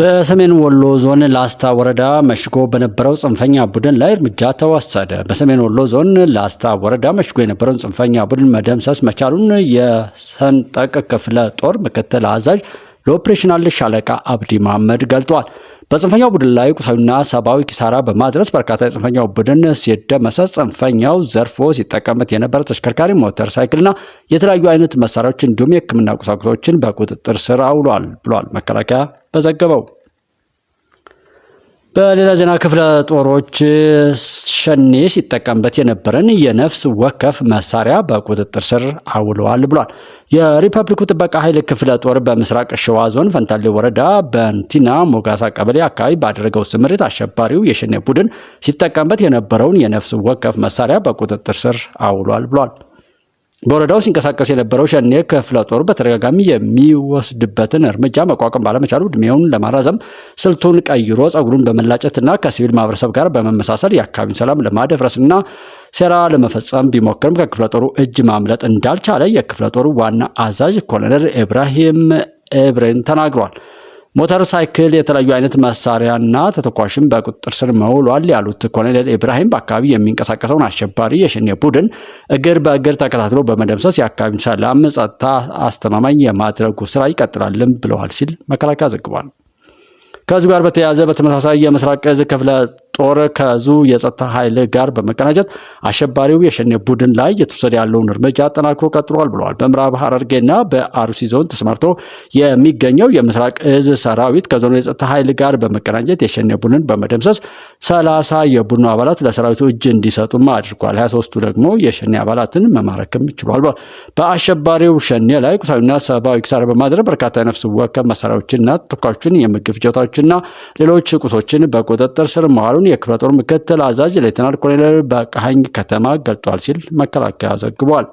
በሰሜን ወሎ ዞን ላስታ ወረዳ መሽጎ በነበረው ጽንፈኛ ቡድን ላይ እርምጃ ተወሰደ። በሰሜን ወሎ ዞን ላስታ ወረዳ መሽጎ የነበረውን ጽንፈኛ ቡድን መደምሰስ መቻሉን የሰንጠቅ ክፍለ ጦር ምክትል አዛዥ ለኦፕሬሽናል ሻለቃ አብዲ መሐመድ ገልጧል። በጽንፈኛው ቡድን ላይ ቁሳዊና ሰብአዊ ኪሳራ በማድረስ በርካታ የጽንፈኛው ቡድን ሲደመሰስ ጽንፈኛው ዘርፎ ሲጠቀምበት የነበረ ተሽከርካሪ፣ ሞተር ሳይክልና የተለያዩ አይነት መሳሪያዎች እንዲሁም የህክምና ቁሳቁሶችን በቁጥጥር ስር አውሏል ብሏል መከላከያ በዘገበው በሌላ ዜና ክፍለ ጦሮች ሸኔ ሲጠቀምበት የነበረን የነፍስ ወከፍ መሳሪያ በቁጥጥር ስር አውለዋል ብሏል። የሪፐብሊኩ ጥበቃ ኃይል ክፍለ ጦር በምስራቅ ሸዋ ዞን ፈንታሌ ወረዳ በንቲና ሞጋሳ ቀበሌ አካባቢ ባደረገው ስምሪት አሸባሪው የሸኔ ቡድን ሲጠቀምበት የነበረውን የነፍስ ወከፍ መሳሪያ በቁጥጥር ስር አውሏል ብሏል። በወረዳው ሲንቀሳቀስ የነበረው ሸኔ ክፍለ ጦር በተደጋጋሚ የሚወስድበትን እርምጃ መቋቋም ባለመቻሉ እድሜውን ለማራዘም ስልቱን ቀይሮ ጸጉሩን በመላጨትና ከሲቪል ማህበረሰብ ጋር በመመሳሰል የአካባቢውን ሰላም ለማደፍረስና ሴራ ለመፈጸም ቢሞክርም ከክፍለ ጦሩ እጅ ማምለጥ እንዳልቻለ የክፍለ ጦሩ ዋና አዛዥ ኮሎኔል ኢብራሂም ኤብሬን ተናግሯል። ሞተር ሳይክል፣ የተለያዩ አይነት መሳሪያና ተተኳሽም በቁጥጥር ስር መውሏል ያሉት ኮሎኔል ኢብራሂም በአካባቢ የሚንቀሳቀሰውን አሸባሪ የሸኔ ቡድን እግር በእግር ተከታትሎ በመደምሰስ የአካባቢውን ሰላም ጸጥታ አስተማማኝ የማድረጉ ስራ ይቀጥላልም ብለዋል ሲል መከላከያ ዘግቧል። ከዚሁ ጋር በተያያዘ በተመሳሳይ የምስራቅ ዕዝ ክፍለ ጦር ከዙ የጸጥታ ኃይል ጋር በመቀናጀት አሸባሪው የሸኔ ቡድን ላይ የተወሰደ ያለውን እርምጃ አጠናክሮ ቀጥሏል ብለዋል። በምዕራብ ሐረርጌና በአሩሲ ዞን ተሰማርቶ የሚገኘው የምስራቅ እዝ ሰራዊት ከዞኑ የጸጥታ ኃይል ጋር በመቀናጀት የሸኔ ቡድን በመደምሰስ ሰላሳ የቡድኑ አባላት ለሰራዊቱ እጅ እንዲሰጡም አድርጓል። ሀያ ሶስቱ ደግሞ የሸኔ አባላትን መማረክም ችሏል። በአሸባሪው ሸኔ ላይ ቁሳዊና ሰብአዊ ኪሳራ በማድረግ በርካታ የነፍስ ወከፍ መሳሪያዎችንና ተኳሾችን፣ የምግብ ፍጆታዎችንና ሌሎች ቁሶችን በቁጥጥር ስር መዋሉ መሆኑን የክፍለ ጦር ምክትል አዛዥ ሌተናል ኮሎኔል በቀሀኝ ከተማ ገልጧል ሲል መከላከያ ዘግቧል።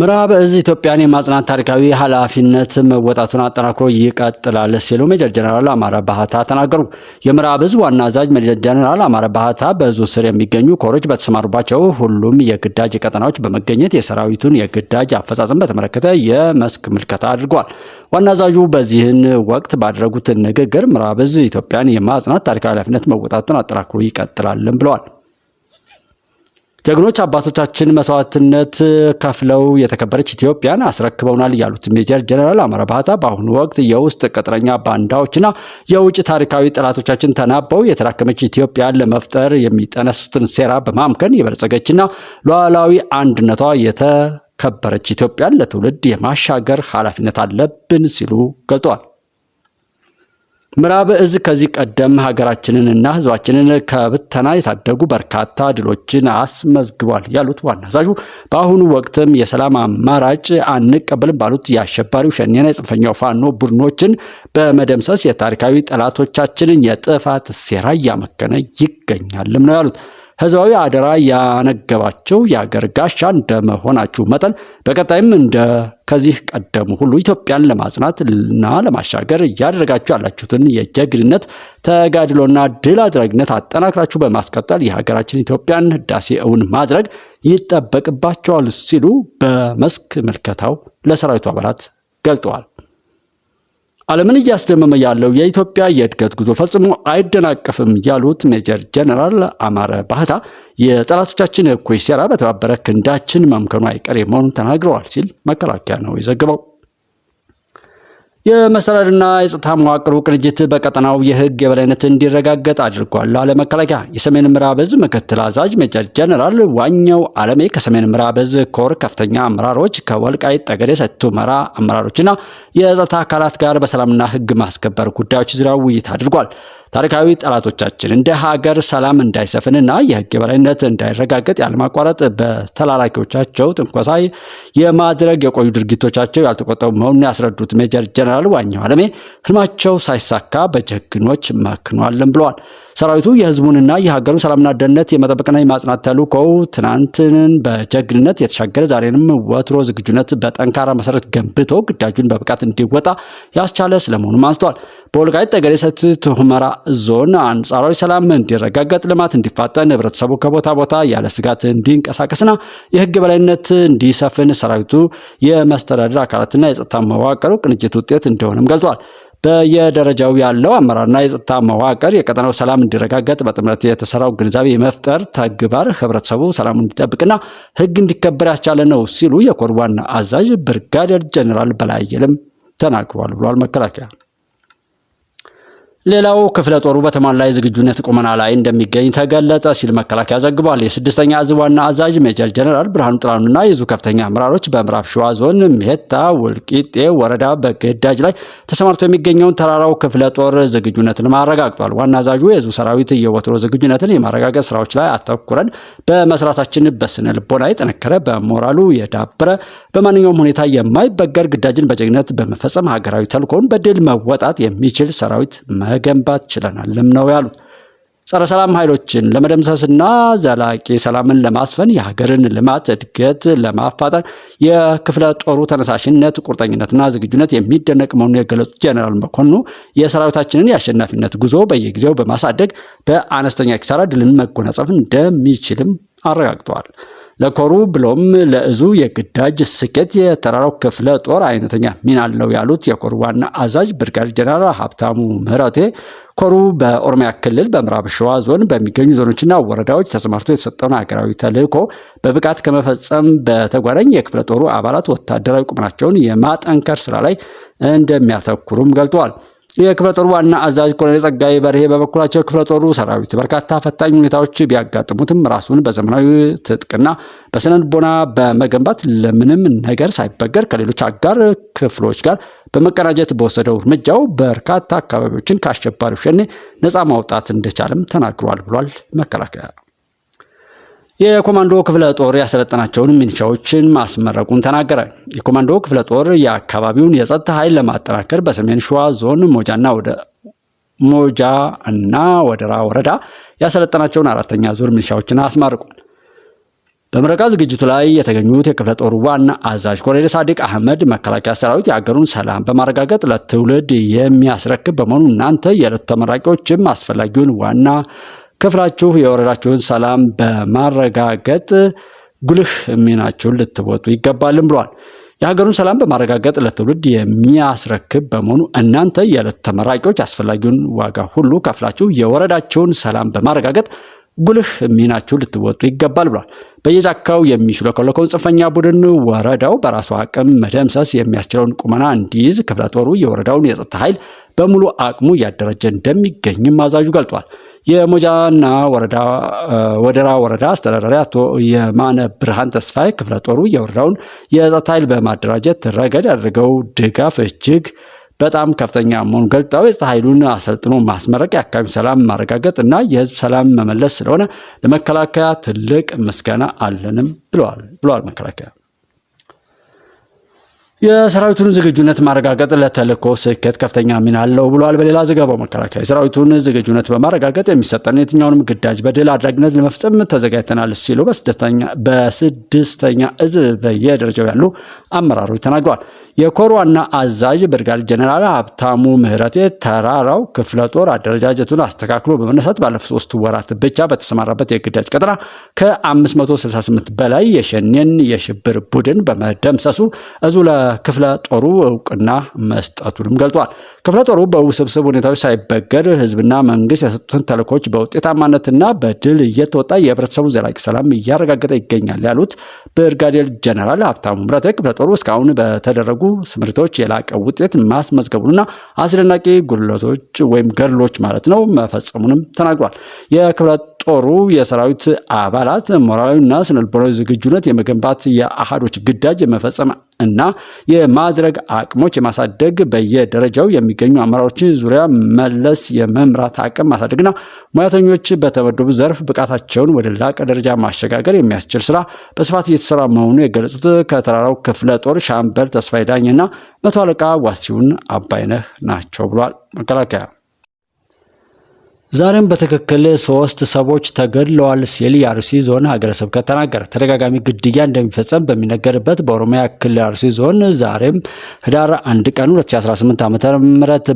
ምዕራብ እዝ ኢትዮጵያን የማጽናት ታሪካዊ ኃላፊነት መወጣቱን አጠናክሮ ይቀጥላል ሲሉ ሜጀር ጀነራል አማረ ባህታ ተናገሩ። የምዕራብ እዝ ዋና አዛዥ ሜጀር ጀነራል አማረ ባህታ በእዙ ስር የሚገኙ ኮሮች በተሰማሩባቸው ሁሉም የግዳጅ ቀጠናዎች በመገኘት የሰራዊቱን የግዳጅ አፈጻጸም በተመለከተ የመስክ ምልከታ አድርጓል። ዋና አዛዡ በዚህን ወቅት ባደረጉት ንግግር ምዕራብ እዝ ኢትዮጵያን የማጽናት ታሪካዊ ኃላፊነት መወጣቱን አጠናክሮ ይቀጥላልም ብለዋል። ጀግኖች አባቶቻችን መስዋዕትነት ከፍለው የተከበረች ኢትዮጵያን አስረክበውናል ያሉት ሜጀር ጀነራል አመረ ባህታ በአሁኑ ወቅት የውስጥ ቅጥረኛ ባንዳዎችና የውጭ ታሪካዊ ጠላቶቻችን ተናበው የተዳከመች ኢትዮጵያን ለመፍጠር የሚጠነሱትን ሴራ በማምከን የበለጸገችና ሉዓላዊ አንድነቷ የተከበረች ኢትዮጵያን ለትውልድ የማሻገር ኃላፊነት አለብን ሲሉ ገልጠዋል። ምዕራብ እዝ ከዚህ ቀደም ሀገራችንን እና ከብተና የታደጉ በርካታ ድሎችን አስመዝግቧል ያሉት ዋና አዛዡ በአሁኑ ወቅትም የሰላም አማራጭ አንቀበልም ባሉት የአሸባሪው ሸኔና የጽንፈኛው ፋኖ ቡድኖችን በመደምሰስ የታሪካዊ ጠላቶቻችንን የጥፋት ሴራ እያመከነ ይገኛልም ነው ያሉት። ህዝባዊ አደራ ያነገባቸው የአገር ጋሻ እንደመሆናችሁ መጠን በቀጣይም እንደ ከዚህ ቀደሙ ሁሉ ኢትዮጵያን ለማጽናት እና ለማሻገር እያደረጋችሁ ያላችሁትን የጀግንነት ተጋድሎና ድል አድራጊነት አጠናክራችሁ በማስቀጠል የሀገራችን ኢትዮጵያን ህዳሴ እውን ማድረግ ይጠበቅባቸዋል ሲሉ በመስክ ምልከታው ለሰራዊቱ አባላት ገልጠዋል። ዓለምን እያስደመመ ያለው የኢትዮጵያ የእድገት ጉዞ ፈጽሞ አይደናቀፍም ያሉት ሜጀር ጀነራል አማረ ባህታ የጠላቶቻችን እኩይ ሴራ በተባበረ ክንዳችን መምከኑ አይቀሬ መሆኑን ተናግረዋል ሲል መከላከያ ነው የዘግበው። የመሰረድና የጸጥታ መዋቅሩ ቅንጅት በቀጠናው የህግ የበላይነት እንዲረጋገጥ አድርጓል አለ መከላከያ። የሰሜን ምዕራብ እዝ ምክትል አዛዥ ሜጀር ጀነራል ዋኛው አለሜ ከሰሜን ምዕራብ እዝ ኮር ከፍተኛ አመራሮች ከወልቃይት ጠገዴ፣ ሰቲት ሁመራ አመራሮችና የጸጥታ አካላት ጋር በሰላምና ህግ ማስከበር ጉዳዮች ዙሪያ ውይይት አድርጓል። ታሪካዊ ጠላቶቻችን እንደ ሀገር ሰላም እንዳይሰፍንና የህግ የበላይነት እንዳይረጋገጥ ያለማቋረጥ በተላላኪዎቻቸው ጥንኮሳይ የማድረግ የቆዩ ድርጊቶቻቸው ያልተቆጠቡ መሆኑን ያስረዱት ሜጀር ጀነራል ዋኘው አለሜ ህልማቸው ሳይሳካ በጀግኖች መክኗልን ብለዋል። ሰራዊቱ የህዝቡንና የሀገሩን ሰላምና ደህንነት የመጠበቅና የማጽናት ተልዕኮው ትናንትንን በጀግንነት የተሻገረ ዛሬንም ወትሮ ዝግጁነት በጠንካራ መሰረት ገንብቶ ግዳጁን በብቃት እንዲወጣ ያስቻለ ስለመሆኑም አንስተዋል። በወልቃይት ጠገዴ ሰቲት ሁመራ ዞን አንጻራዊ ሰላም እንዲረጋገጥ፣ ልማት እንዲፋጠን፣ ህብረተሰቡ ከቦታ ቦታ ያለ ስጋት እንዲንቀሳቀስና የህግ በላይነት እንዲሰፍን ሰራዊቱ የመስተዳደር አካላትና የጸጥታ መዋቅሩ ቅንጅት ውጤት እንደሆነም ገልጿል። በየደረጃው ያለው አመራርና የጸጥታ መዋቅር የቀጠናው ሰላም እንዲረጋገጥ በጥምረት የተሰራው ግንዛቤ የመፍጠር ተግባር ህብረተሰቡ ሰላሙን እንዲጠብቅና ህግ እንዲከበር ያስቻለ ነው ሲሉ የኮር ዋና አዛዥ ብርጋደር ጀኔራል በላይ የለም ተናግሯል ብሏል። መከላከያ ሌላው ክፍለ ጦሩ በተሟላ የዝግጁነት ቁመና ላይ እንደሚገኝ ተገለጠ ሲል መከላከያ ዘግቧል። የስድስተኛ እዝ ዋና አዛዥ ሜጀር ጀነራል ብርሃኑ ጥላኑና የዙ ከፍተኛ አመራሮች በምዕራብ ሸዋ ዞን ሜታ ውልቂጤ ወረዳ በግዳጅ ላይ ተሰማርቶ የሚገኘውን ተራራው ክፍለ ጦር ዝግጁነትን ማረጋግጧል። ዋና አዛዡ የዙ ሰራዊት የወትሮ ዝግጁነትን የማረጋገጥ ስራዎች ላይ አተኩረን በመስራታችን በስነ ልቦና የጠነከረ በሞራሉ የዳበረ በማንኛውም ሁኔታ የማይበገር ግዳጅን በጀግነት በመፈጸም ሀገራዊ ተልእኮውን በድል መወጣት የሚችል ሰራዊት መገንባት ችለናልም ነው ያሉት። ጸረ ሰላም ኃይሎችን ለመደምሰስና ዘላቂ ሰላምን ለማስፈን የሀገርን ልማት እድገት ለማፋጠን የክፍለ ጦሩ ተነሳሽነት፣ ቁርጠኝነትና ዝግጁነት የሚደነቅ መሆኑን የገለጹት ጀኔራል መኮንኑ የሰራዊታችንን የአሸናፊነት ጉዞ በየጊዜው በማሳደግ በአነስተኛ ኪሳራ ድልን መጎናጸፍ እንደሚችልም አረጋግጠዋል። ለኮሩ ብሎም ለእዙ የግዳጅ ስኬት የተራራው ክፍለ ጦር አይነተኛ ሚና አለው ያሉት የኮሩ ዋና አዛዥ ብርጋዴር ጀነራል ሀብታሙ ምህረቴ ኮሩ በኦሮሚያ ክልል በምዕራብ ሸዋ ዞን በሚገኙ ዞኖችና ወረዳዎች ተሰማርቶ የተሰጠውን ሀገራዊ ተልዕኮ በብቃት ከመፈጸም በተጓዳኝ የክፍለ ጦሩ አባላት ወታደራዊ ቁመናቸውን የማጠንከር ስራ ላይ እንደሚያተኩሩም ገልጠዋል። የክፍለ ዋና አዛዥ ኮሎኔል ጸጋይ በርሄ በበኩላቸው ክፍለ ጦሩ ሰራዊት በርካታ ፈታኝ ሁኔታዎች ቢያጋጥሙትም ራሱን በዘመናዊ ትጥቅና በስነልቦና በመገንባት ለምንም ነገር ሳይበገር ከሌሎች አጋር ክፍሎች ጋር በመቀናጀት በወሰደው እርምጃው በርካታ አካባቢዎችን ከአሸባሪው ሸኔ ነፃ ማውጣት እንደቻለም ተናግሯል ብሏል። መከላከያ የኮማንዶ ክፍለ ጦር ያሰለጠናቸውን ሚኒሻዎችን ማስመረቁን ተናገረ። የኮማንዶ ክፍለ ጦር የአካባቢውን የጸጥታ ኃይል ለማጠናከር በሰሜን ሸዋ ዞን ሞጃና ወደ ሞጃ እና ወደራ ወረዳ ያሰለጠናቸውን አራተኛ ዙር ሚኒሻዎችን አስመርቋል። በምረቃ ዝግጅቱ ላይ የተገኙት የክፍለ ጦሩ ዋና አዛዥ ኮሎኔል ሳዲቅ አህመድ መከላከያ ሰራዊት የአገሩን ሰላም በማረጋገጥ ለትውልድ የሚያስረክብ በመሆኑ እናንተ የዕለቱ ተመራቂዎችም አስፈላጊውን ዋና ክፍላችሁ የወረዳችሁን ሰላም በማረጋገጥ ጉልህ ሚናችሁን ልትወጡ ይገባልም ብሏል። የሀገሩን ሰላም በማረጋገጥ ለትውልድ የሚያስረክብ በመሆኑ እናንተ የዕለት ተመራቂዎች አስፈላጊውን ዋጋ ሁሉ ከፍላችሁ የወረዳችሁን ሰላም በማረጋገጥ ጉልህ ሚናችሁ ልትወጡ ይገባል ብሏል። በየጫካው የሚሽለከለከውን ጽንፈኛ ቡድን ወረዳው በራሱ አቅም መደምሰስ የሚያስችለውን ቁመና እንዲይዝ ክፍለ ጦሩ የወረዳውን የጸጥታ ኃይል በሙሉ አቅሙ እያደረጀ እንደሚገኝም አዛዡ ገልጧል። የሞጃና ወረዳ ወደራ ወረዳ አስተዳዳሪ አቶ የማነ ብርሃን ተስፋይ ክፍለ ጦሩ የወረዳውን የጸጥታ ኃይል በማደራጀት ረገድ ያደረገው ድጋፍ እጅግ በጣም ከፍተኛ መሆኑን ገልጠው የጸጥታ ኃይሉን አሰልጥኖ ማስመረቅ የአካባቢ ሰላም ማረጋገጥ እና የህዝብ ሰላም መመለስ ስለሆነ ለመከላከያ ትልቅ ምስጋና አለንም ብለዋል ብለዋል መከላከያ የሰራዊቱን ዝግጁነት ማረጋገጥ ለተልእኮ ስኬት ከፍተኛ ሚና አለው ብሏል። በሌላ ዘገባው መከላከያ የሰራዊቱን ዝግጁነት በማረጋገጥ የሚሰጠን የትኛውንም ግዳጅ በድል አድራጊነት ለመፍጸም ተዘጋጅተናል ሲሉ በስድስተኛ እዝ በየደረጃው ያሉ አመራሮች ተናግሯል። የኮር ዋና አዛዥ ብርጋዴር ጀኔራል ሀብታሙ ምህረቴ ተራራው ክፍለ ጦር አደረጃጀቱን አስተካክሎ በመነሳት ባለፉት ሶስት ወራት ብቻ በተሰማራበት የግዳጅ ቀጠና ከ568 በላይ የሸኔን የሽብር ቡድን በመደምሰሱ እዙ ለክፍለ ጦሩ እውቅና መስጠቱንም ገልጿል። ክፍለ ጦሩ በውስብስብ ሁኔታዎች ሳይበገር ህዝብና መንግስት የሰጡትን ተልእኮች በውጤታማነትና በድል እየተወጣ የህብረተሰቡ ዘላቂ ሰላም እያረጋገጠ ይገኛል ያሉት ብርጋዴር ጀነራል ሀብታሙ ምረት ክፍለ ጦሩ እስካሁን በተደረጉ ስምሪቶች የላቀ ውጤት ማስመዝገቡንና አስደናቂ ጉድለቶች ወይም ገድሎች ማለት ነው መፈጸሙንም ተናግሯል። የክፍለ ጦሩ የሰራዊት አባላት ሞራላዊና ስነልቦናዊ ዝግጁነት የመገንባት የአሃዶች ግዳጅ የመፈጸም እና የማድረግ አቅሞች የማሳደግ በየደረጃው የሚገኙ አመራሮችን ዙሪያ መለስ የመምራት አቅም ማሳደግና ሙያተኞች በተመደቡ ዘርፍ ብቃታቸውን ወደ ላቀ ደረጃ ማሸጋገር የሚያስችል ስራ በስፋት እየተሰራ መሆኑ የገለጹት ከተራራው ክፍለ ጦር ሻምበል ተስፋዬ ዳኝና መቶ አለቃ ዋሲውን አባይነህ ናቸው ብሏል። መከላከያ ዛሬም በትክክል ሶስት ሰዎች ተገድለዋል ሲል የአርሲ ዞን ሀገረ ስብከት ተናገረ። ተደጋጋሚ ግድያ እንደሚፈጸም በሚነገርበት በኦሮሚያ ክልል አርሲ ዞን ዛሬም ህዳር 1 ቀን 2018 ዓ.ም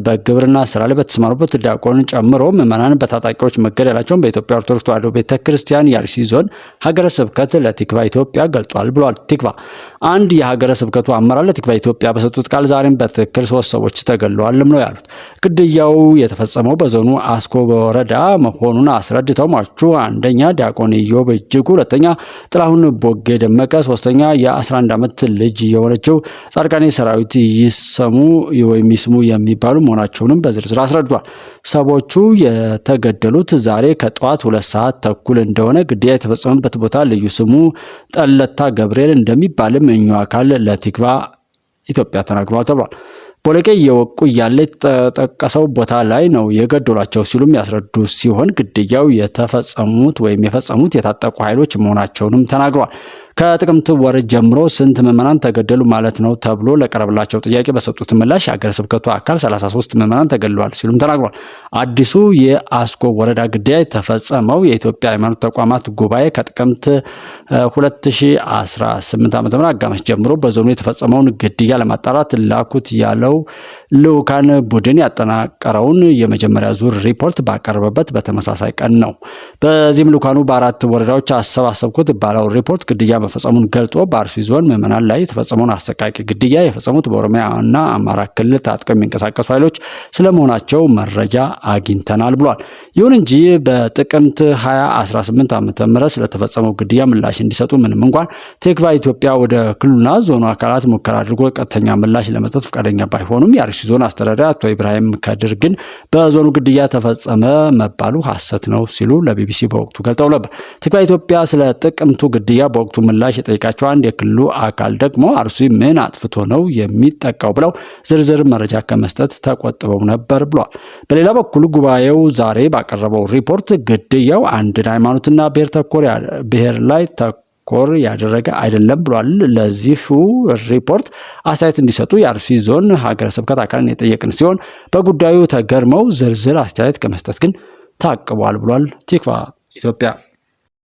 በግብርና ስራ ላይ በተሰማሩበት ዲያቆንን ጨምሮ ምዕመናን በታጣቂዎች መገደላቸውን በኢትዮጵያ ኦርቶዶክስ ተዋሕዶ ቤተ ክርስቲያን የአርሲ ዞን ሀገረ ስብከት ለቲክቫ ኢትዮጵያ ገልጧል ብሏል። ቲክቫ አንድ የሀገረ ስብከቱ አመራር ለቲክቫ ኢትዮጵያ በሰጡት ቃል ዛሬም በትክክል ሶስት ሰዎች ተገድለዋልም ነው ያሉት። ግድያው የተፈጸመው በዞኑ አስኮ ወረዳ መሆኑን አስረድተው ማቹ አንደኛ ዲያቆን ኢዮብ እጅጉ፣ ሁለተኛ ጥላሁን ቦጌ ደመቀ፣ ሶስተኛ የ11 ዓመት ልጅ የሆነችው ጻድቃኔ ሰራዊት ይሰሙ ወይም ይስሙ የሚባሉ መሆናቸውንም በዝርዝር አስረድቷል። ሰዎቹ የተገደሉት ዛሬ ከጠዋት ሁለት ሰዓት ተኩል እንደሆነ ግድያ የተፈጸመበት ቦታ ልዩ ስሙ ጠለታ ገብርኤል እንደሚባልም እኙ አካል ለቲክቫ ኢትዮጵያ ተናግሯል ተብሏል። ቦለቄ እየወቁ እያለ የተጠቀሰው ቦታ ላይ ነው የገደሏቸው ሲሉም ያስረዱ ሲሆን ግድያው የተፈጸሙት ወይም የፈጸሙት የታጠቁ ኃይሎች መሆናቸውንም ተናግረዋል። ከጥቅምት ወር ጀምሮ ስንት ምዕመናን ተገደሉ ማለት ነው ተብሎ ለቀረብላቸው ጥያቄ በሰጡት ምላሽ የአገረ ስብከቱ አካል 33 ምዕመናን ተገድለዋል ሲሉም ተናግሯል። አዲሱ የአስኮ ወረዳ ግዳይ ተፈጸመው የኢትዮጵያ ሃይማኖት ተቋማት ጉባኤ ከጥቅምት 2018 ዓ ም አጋማሽ ጀምሮ በዞኑ የተፈጸመውን ግድያ ለማጣራት ላኩት ያለው ልዑካን ቡድን ያጠናቀረውን የመጀመሪያ ዙር ሪፖርት ባቀረበበት በተመሳሳይ ቀን ነው። በዚህም ልዑካኑ በአራት ወረዳዎች አሰባሰብኩት ባለው ሪፖርት ግድያ መፈጸሙን ገልጦ በአርሲ ዞን ምዕመናን ላይ የተፈጸመውን አሰቃቂ ግድያ የፈጸሙት በኦሮሚያ እና አማራ ክልል ታጥቀው የሚንቀሳቀሱ ኃይሎች ስለመሆናቸው መረጃ አግኝተናል ብሏል። ይሁን እንጂ በጥቅምት 2018 ዓ ም ስለተፈጸመው ግድያ ምላሽ እንዲሰጡ ምንም እንኳን ቴክቫ ኢትዮጵያ ወደ ክልሉና ዞኑ አካላት ሙከራ አድርጎ ቀጥተኛ ምላሽ ለመስጠት ፈቃደኛ ባይሆኑም የአርሲ ዞን አስተዳዳሪ አቶ ኢብራሂም ከድር ግን በዞኑ ግድያ ተፈጸመ መባሉ ሐሰት ነው ሲሉ ለቢቢሲ በወቅቱ ገልጠው ነበር። ቴክቫ ኢትዮጵያ ስለ ጥቅምቱ ግድያ በወቅቱ ምላሽ የጠየቃቸው አንድ የክልሉ አካል ደግሞ አርሱ ምን አጥፍቶ ነው የሚጠቃው ብለው ዝርዝር መረጃ ከመስጠት ተቆጥበው ነበር ብሏል። በሌላ በኩል ጉባኤው ዛሬ ባቀረበው ሪፖርት ግድያው አንድን ሃይማኖትና ብሔር ተኮር ብሔር ላይ ኮር ያደረገ አይደለም ብሏል። ለዚሁ ሪፖርት አስተያየት እንዲሰጡ የአርሲ ዞን ሀገረ ስብከት አካልን የጠየቅን ሲሆን በጉዳዩ ተገርመው ዝርዝር አስተያየት ከመስጠት ግን ታቅቧል ብሏል። ቲክቫ ኢትዮጵያ